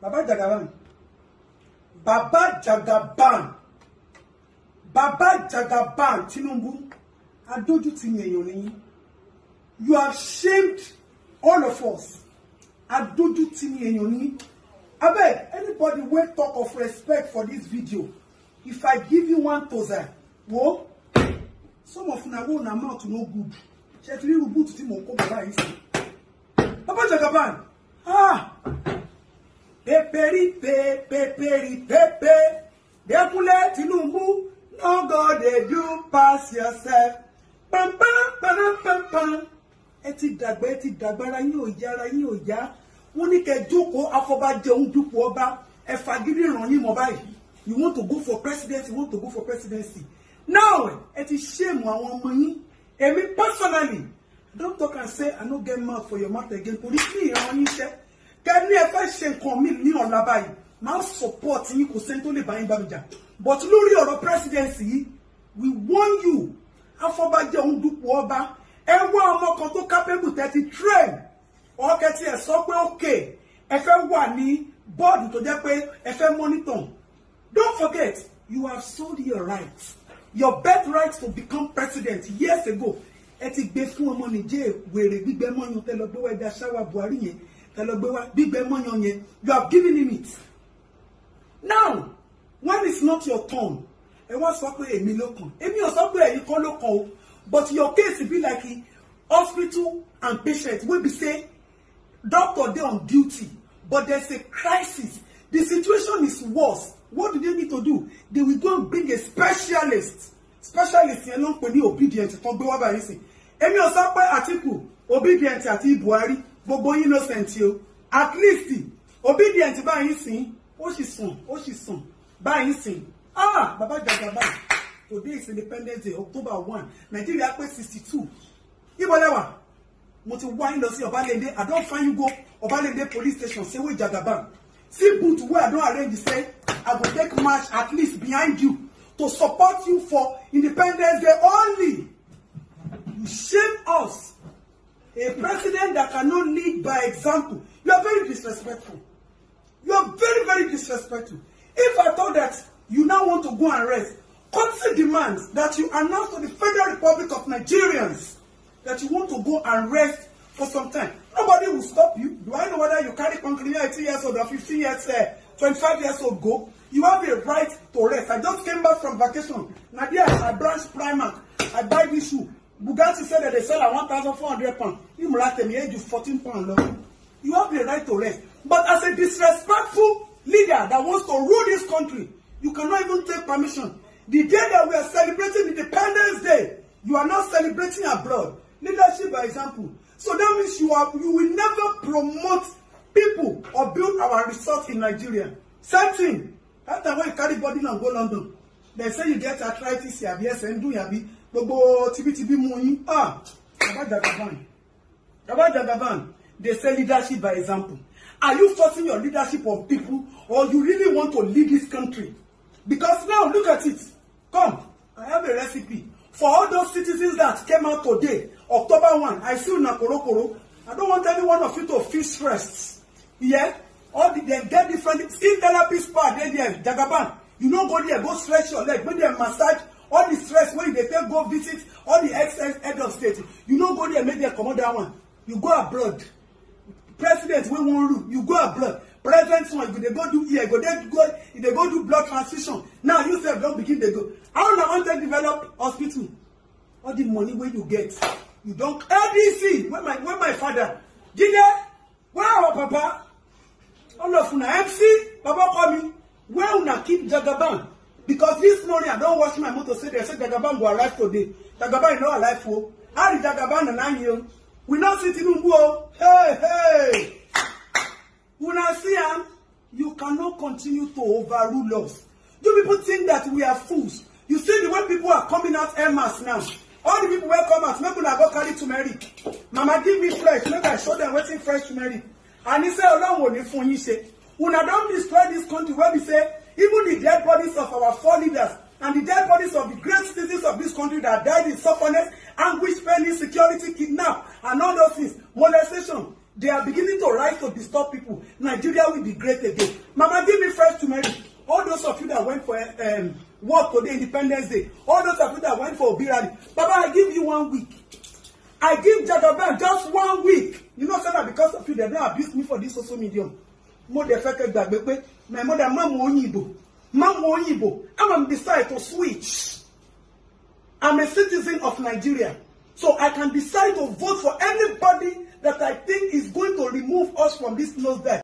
baba jagaban baba jagaban baba jagaban Tinubu adójútì ni èèyàn nìyí you have shamed all of us adójútì ni èèyàn nìyí abeg anybody wey talk of respect for this video if i give you one thousand wo some of una wo na mouth no good ṣe ti rí rúbùtù tí mò ko kó bàbá yìí baba jagaban ah pépéripe pépéripepe Dékúnlé Tinubu no go dey do pass yourself pampam pampam ẹ ti dàgbà ẹ ti dàgbà ara yín ò yá ara yín ò yá wọ́n ní kẹ́ jókòó afọbajẹ òun dupò ọba ẹ fagídí ràn yín báyìí you want to go for presidency you want to go for presidency now ẹ ti ṣéèmù àwọn ọmọ yín èmi personally don talk am say i no get mouth for your mouth again kò ní kí ìran yín ṣe kẹ́ni ẹ fẹ́ ṣe nǹkan mi ní ọ̀la báyìí máa support yín kò sẹ́ni tó lè bá yín bá mi jà but lórí ọ̀rọ̀ presidency yìí we warn you afọbajẹ òun dupò ọba ẹ wá ọmọ kan tó capable tẹ́tí train ọ̀kẹ́tì ẹ̀ sọ pé okay ẹ fẹ́ wà ní bọ́ọ̀dù tó jẹ́ pé ẹ fẹ́ monitor don't forget you have sold your rights your birth birthright to become president years ago ẹ ti gbé fún ọmọ nìjẹ́ wèrè gbígbẹ́ mọ́yún tẹ́lọ gbówó ẹja ṣáwá Buhari yẹn ẹ lọ gbé wá gbígbẹ you have given him it now when it's not your turn ẹ wá sọ pé èmi ló kàn èmi ò sọ pé ẹ̀yin kan ló kàn but your case be like hospital and patient wey be say doctor dey on duty but there's a crisis the situation is worse what do they need to do they will go and bring a specialist specialist yẹn ló ń pè ní obedient tó ń gbé wá báyìí sí èmi ò pé àtìkù obedient àti buhari gbogbo innocent o at least obedient báyìí sìn ó sì sàn ó sì sàn báyìí sìn ah Baba jàjà báyìí today is independence day october one Nigeria, pé sixty two ibo lẹ́wà mo ti wá yín lọ sí ọbalẹ́ndé i don find you go ọbalẹ́ndé police station sewe jagaba see boot wey i don arrange say i go take march at least behind you to support you for independence day only you shame us A president that cannot lead by example. You are very disrespectful. You are very, very disrespectful. If I thought that you now want to go and rest, country demands that you announce to the Federal Republic of Nigerians that you want to go and rest for some time. Nobody will stop you. Do I know whether you carry concrete 18 years old or 15 years, uh, 25 years old go? You have a right to rest. I just came back from vacation. Nadia, I branch Primark. I buy this shoe. Bugatti said that they sell at 1,400 pounds. You Muratemi age you 14 pounds You have the right to rest. But as a disrespectful leader that wants to rule this country, you cannot even take permission. The day that we are celebrating Independence Day, you are not celebrating abroad. Leadership by example. So that means you are you will never promote people or build our resource in Nigeria. Same thing. After when you carry body and go London, they say you get arthritis, you have yes, and do you have gbogbo tibítibí mú yín ah baba jagaban baba jagaban dey say leadership by example are you forcing your leadership on people or you really want to lead this country because now look at it come i have a recipe for all those citizens that came out today october one i see una korokoro i don want any one of you to feel stressed yeah all the dem get different skin therapy spa dey there jagaban you no go there go stretch your leg make dem massage all the stress wey you dey take go visit all the ex head of state you no go there make dem comot that one you go abroad president wey wan rule you go abroad president one you dey go do here go there. go you dey go do blood transfusion now you sef don begin dey go how una wan take develop hospital all the money wey you get you don ldc when my when my father jide where our papa all of una mc baba call me where una keep jagaban because this morning i don watch my motor say dem say jagaban go arrive today jagaban no arrive o oh. how the jagaban na nine year we no see tinubu o oh. hey hey una see am you cannot continue to overrule us you people think that we are fools you see the way people are coming out en masse now all the people wey come out make una go carry turmeric mama give me fresh make i show dem wetin fresh turmeric and he say ọlọ́run ò ní fún yín ṣe una don destroy this country wey be say even the dead bodies of our four leaders and the dead bodies of the great citizens of this country that died in sufferness, anguish, pain, insecurity, kidnap, and all those things, molestation. They are beginning to rise to disturb people. Nigeria will be great again. Mama, give me fresh turmeric. All those of you that went for um, work today, Independence Day, all those of you that went for Obi rally, Baba, I give you one week. I give Jagaban just one week. You know, say that because of you, they don't abuse me for this social media mo dẹ̀ fẹ́ kẹ́ gbàgbé pé my mother má mú òyìnbó má mú òyìnbó I am decide to switch I'm a citizen of Nigeria so I can decide to vote for anybody that I think is going to remove us from this nose dive.